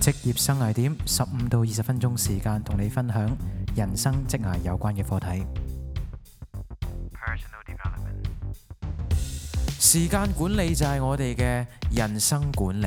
職業生涯點，十五到二十分鐘時間，同你分享人生職涯有關嘅課題。Personal development. 時間管理就係我哋嘅人生管理。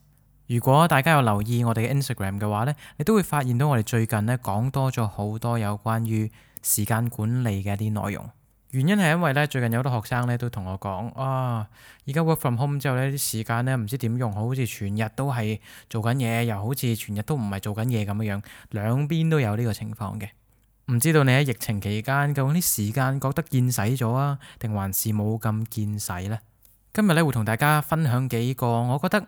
如果大家有留意我哋嘅 Instagram 嘅話呢，你都會發現到我哋最近呢講多咗好多有關於時間管理嘅一啲內容。原因係因為呢，最近有好多學生呢都同我講，啊，而家 work from home 之後呢啲時間呢唔知點用，好似全日都係做緊嘢，又好似全日都唔係做緊嘢咁樣樣，兩邊都有呢個情況嘅。唔知道你喺疫情期間究竟啲時間覺得見使咗啊，定還是冇咁見使呢？今日呢會同大家分享幾個，我覺得。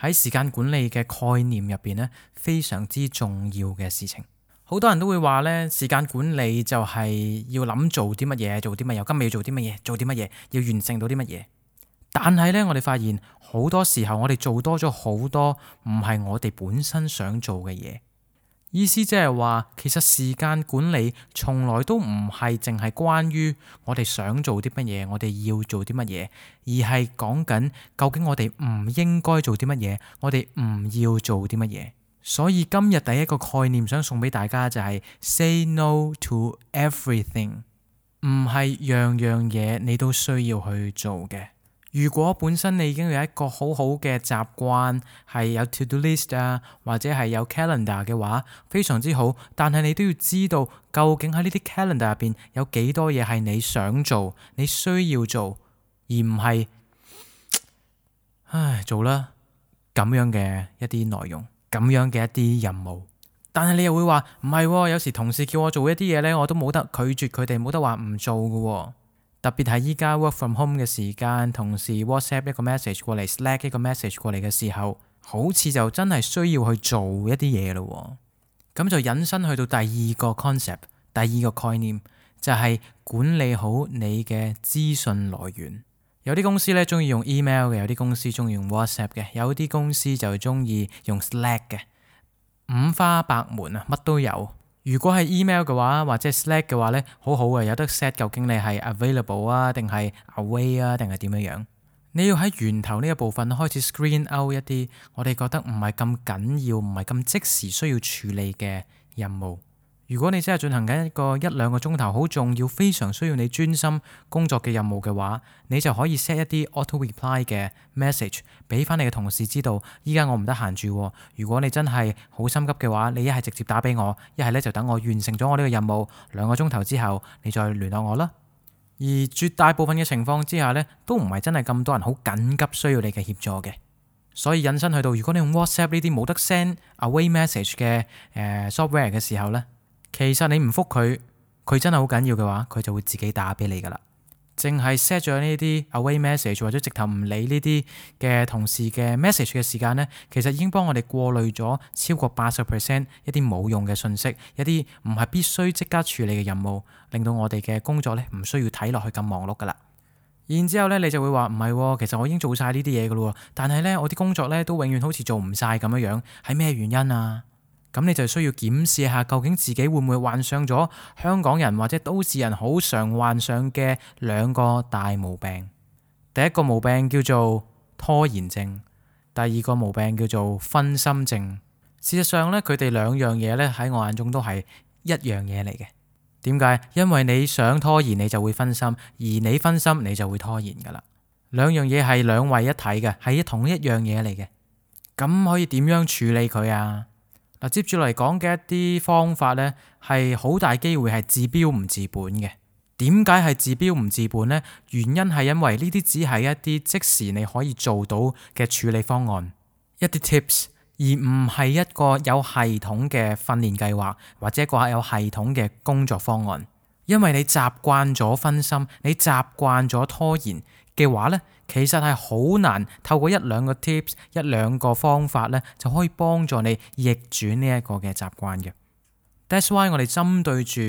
喺時間管理嘅概念入邊呢，非常之重要嘅事情。好多人都會話呢，時間管理就係要諗做啲乜嘢，做啲乜嘢，今日要做啲乜嘢，做啲乜嘢，要完成到啲乜嘢。但係呢，我哋發現好多時候，我哋做多咗好多唔係我哋本身想做嘅嘢。意思即係話，其實時間管理從來都唔係淨係關於我哋想做啲乜嘢，我哋要做啲乜嘢，而係講緊究竟我哋唔應該做啲乜嘢，我哋唔要做啲乜嘢。所以今日第一個概念想送俾大家就係 Say no to everything，唔係樣樣嘢你都需要去做嘅。如果本身你已經有一個好好嘅習慣，係有 to do list 啊，或者係有 calendar 嘅話，非常之好。但係你都要知道，究竟喺呢啲 calendar 入邊有幾多嘢係你想做、你需要做，而唔係唉做啦咁樣嘅一啲內容、咁樣嘅一啲任務。但係你又會話唔係喎，有時同事叫我做一啲嘢呢，我都冇得拒絕佢哋，冇得話唔做噶喎。特別係依家 work from home 嘅時間，同事 WhatsApp 一個 message 過嚟，Slack 一個 message 過嚟嘅時候，好似就真係需要去做一啲嘢咯。咁就引申去到第二個 concept，第二個概念就係管理好你嘅資訊來源。有啲公司呢，中意用 email 嘅，有啲公司中意用 WhatsApp 嘅，有啲公司就中意用 Slack 嘅，五花八門啊，乜都有。如果係 email 嘅話，或者 Slack 嘅話咧，好好嘅，有得 set 究竟你係 available 啊，定係 away 啊，定係點樣樣？你要喺源頭呢個部分開始 screen out 一啲，我哋覺得唔係咁緊要，唔係咁即時需要處理嘅任務。如果你真係進行緊一個一兩個鐘頭好重要、非常需要你專心工作嘅任務嘅話，你就可以 set 一啲 auto reply 嘅 message 俾翻你嘅同事知道。依家我唔得閒住。如果你真係好心急嘅話，你一係直接打俾我，一係咧就等我完成咗我呢個任務兩個鐘頭之後，你再聯絡我啦。而絕大部分嘅情況之下呢，都唔係真係咁多人好緊急需要你嘅協助嘅。所以引申去到，如果你用 WhatsApp 呢啲冇得 send away message 嘅 software 嘅時候呢。其實你唔覆佢，佢真係好緊要嘅話，佢就會自己打俾你噶啦。淨係 set 咗呢啲 away message 或者直頭唔理呢啲嘅同事嘅 message 嘅時間呢，其實已經幫我哋過濾咗超過八十 percent 一啲冇用嘅信息，一啲唔係必須即刻處理嘅任務，令到我哋嘅工作呢唔需要睇落去咁忙碌噶啦。然之後呢，你就會話唔係，其實我已經做晒呢啲嘢噶啦，但係呢，我啲工作呢都永遠好似做唔晒咁樣樣，係咩原因啊？咁你就需要檢視下，究竟自己會唔會患上咗香港人或者都市人好常患上嘅兩個大毛病。第一個毛病叫做拖延症，第二個毛病叫做分心症。事實上呢，佢哋兩樣嘢呢喺我眼中都係一樣嘢嚟嘅。點解？因為你想拖延，你就會分心；而你分心，你就會拖延噶啦。兩樣嘢係兩位一體嘅，係同一樣嘢嚟嘅。咁可以點樣處理佢啊？接住嚟講嘅一啲方法呢，係好大機會係治標唔治本嘅。點解係治標唔治本呢？原因係因為呢啲只係一啲即時你可以做到嘅處理方案，一啲 tips，而唔係一個有系統嘅訓練計劃或者一個有系統嘅工作方案。因為你習慣咗分心，你習慣咗拖延，嘅話呢，其實係好難透過一兩個 tips、一兩個方法呢，就可以幫助你逆轉呢一個嘅習慣嘅。That's why 我哋針對住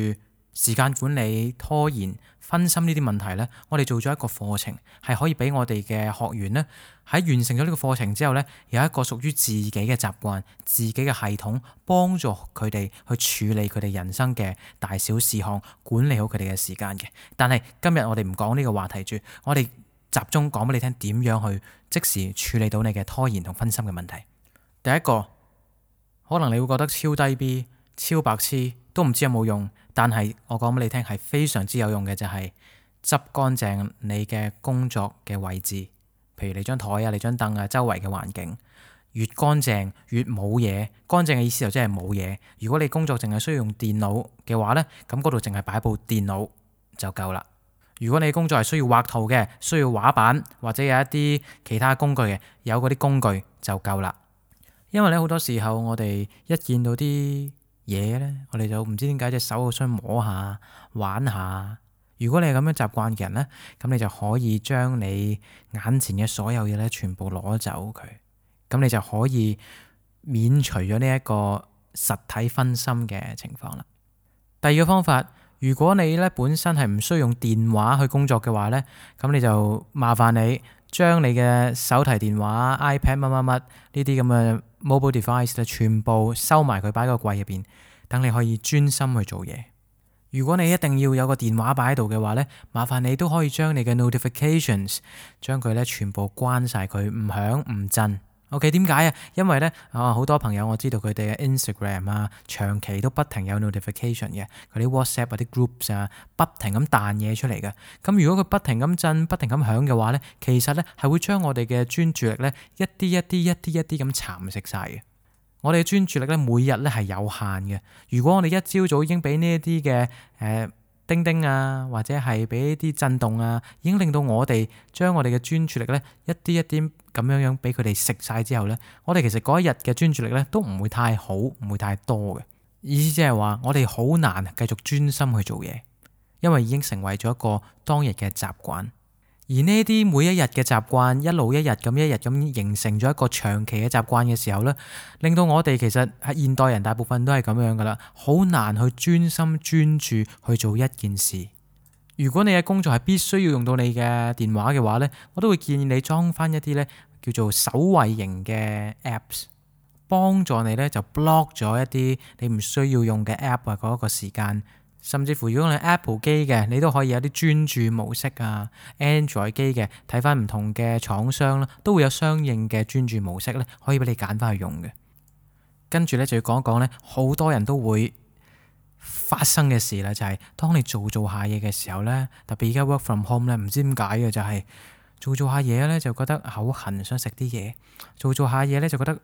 時間管理、拖延、分心呢啲問題呢，我哋做咗一個課程，係可以俾我哋嘅學員呢，喺完成咗呢個課程之後呢，有一個屬於自己嘅習慣、自己嘅系統，幫助佢哋去處理佢哋人生嘅大小事項，管理好佢哋嘅時間嘅。但係今日我哋唔講呢個話題住，我哋集中講俾你聽點樣去即時處理到你嘅拖延同分心嘅問題。第一個可能你會覺得超低 B 超白痴都唔知有冇用，但係我講俾你聽係非常之有用嘅、就係，就係執乾淨你嘅工作嘅位置，譬如你張枱啊、你張凳啊、周圍嘅環境越乾淨越冇嘢。乾淨嘅意思就即係冇嘢。如果你工作淨係需要用電腦嘅話咧，咁嗰度淨係擺部電腦就夠啦。如果你工作係需要畫圖嘅，需要畫板或者有一啲其他工具嘅，有嗰啲工具就夠啦。因為咧好多時候我哋一見到啲嘢咧，我哋就唔知點解隻手好想摸下、玩下。如果你係咁樣習慣嘅人咧，咁你就可以將你眼前嘅所有嘢咧全部攞走佢，咁你就可以免除咗呢一個實體分心嘅情況啦。第二個方法。如果你咧本身係唔需要用電話去工作嘅話咧，咁你就麻煩你將你嘅手提電話、iPad 乜乜乜呢啲咁嘅 mobile device 咧，全部收埋佢擺喺個櫃入邊，等你可以專心去做嘢。如果你一定要有個電話擺喺度嘅話咧，麻煩你都可以將你嘅 notifications 將佢咧全部關晒佢，唔響唔震。OK，點解啊？因為咧，啊好多朋友我知道佢哋嘅 Instagram 啊，長期都不停有 notification 嘅，佢啲 WhatsApp 啊、啲 groups 啊，不停咁彈嘢出嚟嘅。咁如果佢不停咁震、不停咁響嘅話咧，其實咧係會將我哋嘅專注力咧一啲一啲一啲一啲咁蠶食晒嘅。我哋專注力咧每日咧係有限嘅。如果我哋一朝早已經俾呢一啲嘅誒。呃叮叮啊，或者係俾一啲震動啊，已經令到我哋將我哋嘅專注力呢一啲一啲咁樣樣俾佢哋食晒之後呢，我哋其實嗰一日嘅專注力呢都唔會太好，唔會太多嘅意思，即係話我哋好難繼續專心去做嘢，因為已經成為咗一個當日嘅習慣。而呢啲每一日嘅習慣，一路一日咁一日咁形成咗一個長期嘅習慣嘅時候咧，令到我哋其實係現代人大部分都係咁樣噶啦，好難去專心專注去做一件事。如果你嘅工作係必須要用到你嘅電話嘅話咧，我都會建議你裝翻一啲咧叫做守衞型嘅 Apps，幫助你咧就 block 咗一啲你唔需要用嘅 App 啊嗰一個時間。甚至乎，如果你 Apple 機嘅，你都可以有啲專注模式啊；Android 機嘅，睇翻唔同嘅廠商啦、啊，都會有相應嘅專注模式咧，可以俾你揀翻去用嘅。跟住咧就要講一講咧，好多人都會發生嘅事啦，就係、是、當你做做下嘢嘅時候咧，特別而家 work from home 咧，唔知點解嘅就係、是、做做下嘢咧就覺得口痕，想食啲嘢；做做下嘢咧就覺得。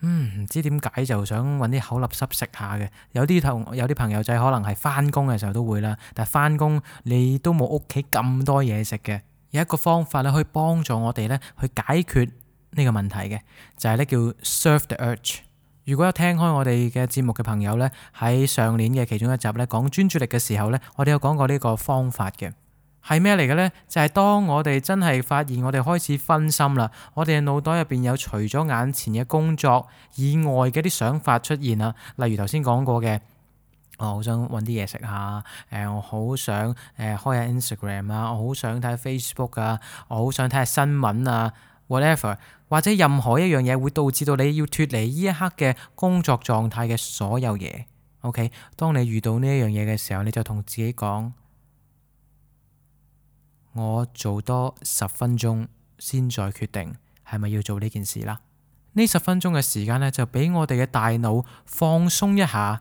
嗯，唔知點解就想揾啲口立濕食下嘅，有啲同有啲朋友仔可能係翻工嘅時候都會啦。但係翻工你都冇屋企咁多嘢食嘅，有一個方法咧可以幫助我哋咧去解決呢個問題嘅，就係咧叫 surf the urge。如果有聽開我哋嘅節目嘅朋友咧，喺上年嘅其中一集咧講專注力嘅時候咧，我哋有講過呢個方法嘅。係咩嚟嘅咧？就係當我哋真係發現我哋開始分心啦，我哋嘅腦袋入邊有除咗眼前嘅工作以外嘅啲想法出現啦。例如頭先講過嘅，我好想揾啲嘢食下，誒我好想，誒開下 Instagram 啊，我好想睇下 Facebook 啊，我好想睇下新聞啊，whatever，或者任何一樣嘢會導致到你要脱離呢一刻嘅工作狀態嘅所有嘢。OK，當你遇到呢一樣嘢嘅時候，你就同自己講。我做多十分鐘先再決定係咪要做呢件事啦。呢十分鐘嘅時間呢，就俾我哋嘅大腦放鬆一下，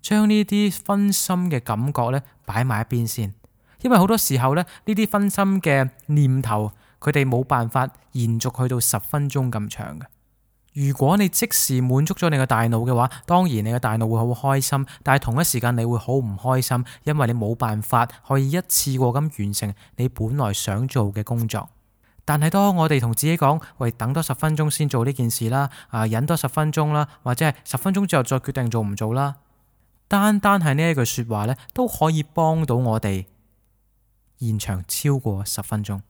將呢啲分心嘅感覺呢擺埋一邊先。因為好多時候呢，呢啲分心嘅念頭，佢哋冇辦法延續去到十分鐘咁長嘅。如果你即時滿足咗你嘅大腦嘅話，當然你嘅大腦會好開心，但係同一時間你會好唔開心，因為你冇辦法可以一次過咁完成你本來想做嘅工作。但係當我哋同自己講，喂，等多十分鐘先做呢件事啦，啊、呃，忍多十分鐘啦，或者係十分鐘之後再決定做唔做啦。單單係呢一句說話呢，都可以幫到我哋延長超過十分鐘。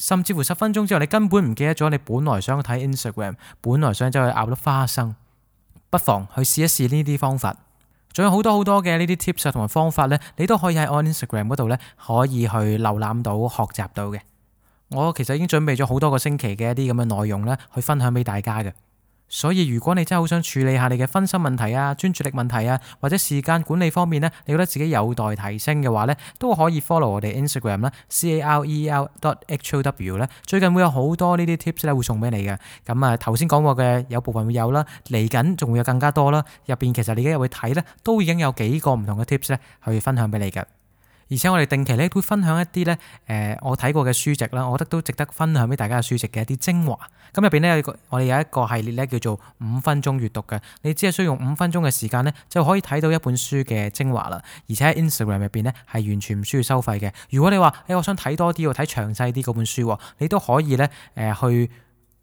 甚至乎十分鐘之後，你根本唔記得咗你本來想睇 Instagram，本來想走去咬粒花生，不妨去試一試呢啲方法。仲有好多好多嘅呢啲 tips 同埋方法呢，你都可以喺我 Instagram 嗰度呢，可以去瀏覽到、學習到嘅。我其實已經準備咗好多個星期嘅一啲咁嘅內容呢，去分享俾大家嘅。所以如果你真係好想處理下你嘅分心問題啊、專注力問題啊，或者時間管理方面呢，你覺得自己有待提升嘅話呢，都可以 follow 我哋 Instagram 啦，Career dot how 呢。最近會有好多呢啲 tips 咧，會送俾你嘅。咁啊，頭先講過嘅有部分會有啦，嚟緊仲會有更加多啦。入邊其實你而家會睇呢，都已經有幾個唔同嘅 tips 咧，去分享俾你嘅。而且我哋定期咧會分享一啲咧，誒、呃、我睇過嘅書籍啦，我覺得都值得分享俾大家嘅書籍嘅一啲精華。咁入邊咧有個，我哋有一個系列咧叫做五分鐘閱讀嘅，你只係需要用五分鐘嘅時間咧就可以睇到一本書嘅精華啦。而且喺 Instagram 入邊咧係完全唔需要收費嘅。如果你話誒、哎、我想睇多啲喎，睇詳細啲嗰本書喎，你都可以咧誒、呃、去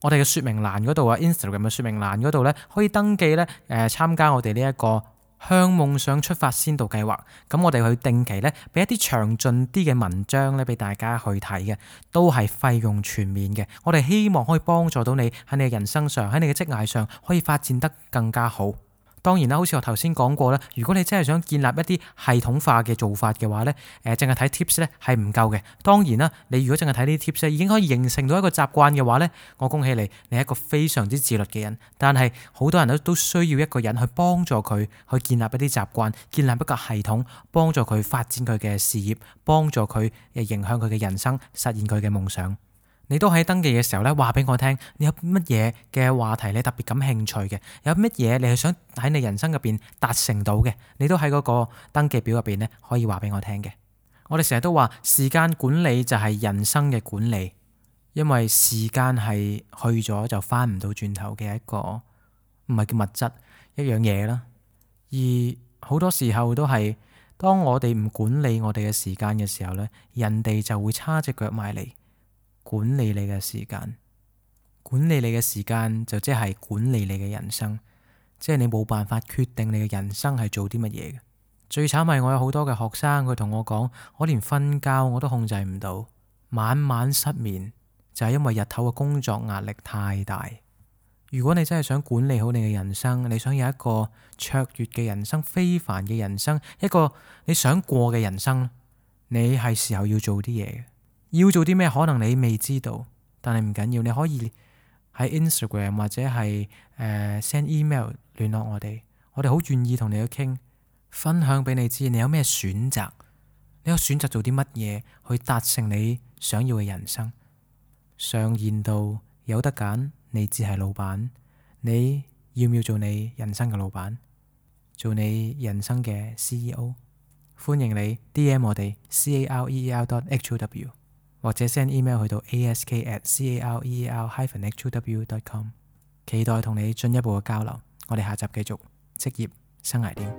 我哋嘅說明欄嗰度啊，Instagram 嘅說明欄嗰度咧可以登記咧誒參加我哋呢一個，向夢想出發先導計劃，咁我哋去定期呢，俾一啲詳盡啲嘅文章呢，俾大家去睇嘅，都係費用全免嘅。我哋希望可以幫助到你喺你嘅人生上，喺你嘅職涯上，可以發展得更加好。當然啦，好似我頭先講過啦，如果你真係想建立一啲系統化嘅做法嘅話咧，誒，淨係睇 tips 咧係唔夠嘅。當然啦，你如果淨係睇啲 tips 已經可以形成到一個習慣嘅話咧，我恭喜你，你係一個非常之自律嘅人。但係好多人咧都需要一個人去幫助佢去建立一啲習慣，建立一個系統，幫助佢發展佢嘅事業，幫助佢影響佢嘅人生，實現佢嘅夢想。你都喺登記嘅時候咧，話俾我聽，你有乜嘢嘅話題你特別感興趣嘅？有乜嘢你係想喺你人生入邊達成到嘅？你都喺嗰個登記表入邊咧，可以話俾我聽嘅。我哋成日都話，時間管理就係人生嘅管理，因為時間係去咗就翻唔到轉頭嘅一個唔係叫物質一樣嘢啦。而好多時候都係當我哋唔管理我哋嘅時間嘅時候咧，人哋就會叉隻腳埋嚟。管理你嘅時間，管理你嘅時間就即係管理你嘅人生，即係你冇辦法決定你嘅人生係做啲乜嘢嘅。最慘係我有好多嘅學生，佢同我講，我連瞓覺我都控制唔到，晚晚失眠就係因為日頭嘅工作壓力太大。如果你真係想管理好你嘅人生，你想有一個卓越嘅人生、非凡嘅人生、一個你想過嘅人生，你係時候要做啲嘢。要做啲咩？可能你未知道，但係唔緊要，你可以喺 Instagram 或者係誒、uh, send email 聯絡我哋，我哋好願意同你去傾，分享俾你知你有咩選擇，你有選擇做啲乜嘢去達成你想要嘅人生。常言道有得揀，你只係老闆，你要唔要做你人生嘅老闆，做你人生嘅 C E O？歡迎你 D M 我哋 C A R E E R dot H O W。或者 send email 去到 ask@career-how.com，、er、期待同你進一步嘅交流。我哋下集繼續職業生涯點。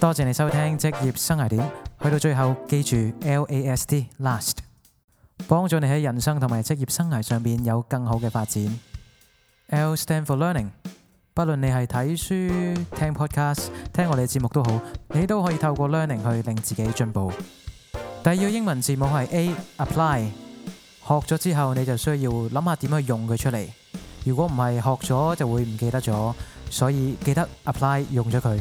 多謝你收聽職業生涯點，去到最後記住 L A S T Last，幫助你喺人生同埋職業生涯上面有更好嘅發展。L stand for learning。不論你係睇書、聽 podcast、聽我哋嘅節目都好，你都可以透過 learning 去令自己進步。第二個英文字母係 a apply，學咗之後你就需要諗下點樣用佢出嚟。如果唔係學咗就會唔記得咗，所以記得 apply 用咗佢。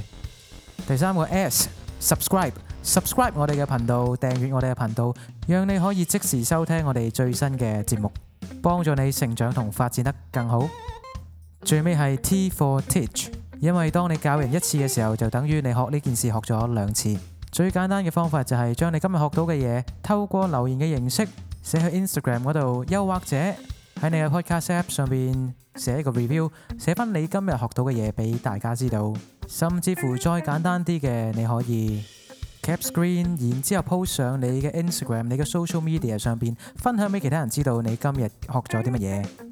第三個 s subscribe，subscribe 我哋嘅頻道，訂閱我哋嘅頻道，讓你可以即時收聽我哋最新嘅節目，幫助你成長同發展得更好。最尾係 T for Teach，因為當你教人一次嘅時候，就等於你學呢件事學咗兩次。最簡單嘅方法就係將你今日學到嘅嘢透過留言嘅形式寫去 Instagram 嗰度，又或者喺你嘅 Podcast App 上邊寫一個 Review，寫翻你今日學到嘅嘢俾大家知道。甚至乎再簡單啲嘅，你可以 Cap Screen，然之後 post 上你嘅 Instagram、你嘅 Social Media 上邊分享俾其他人知道你今日學咗啲乜嘢。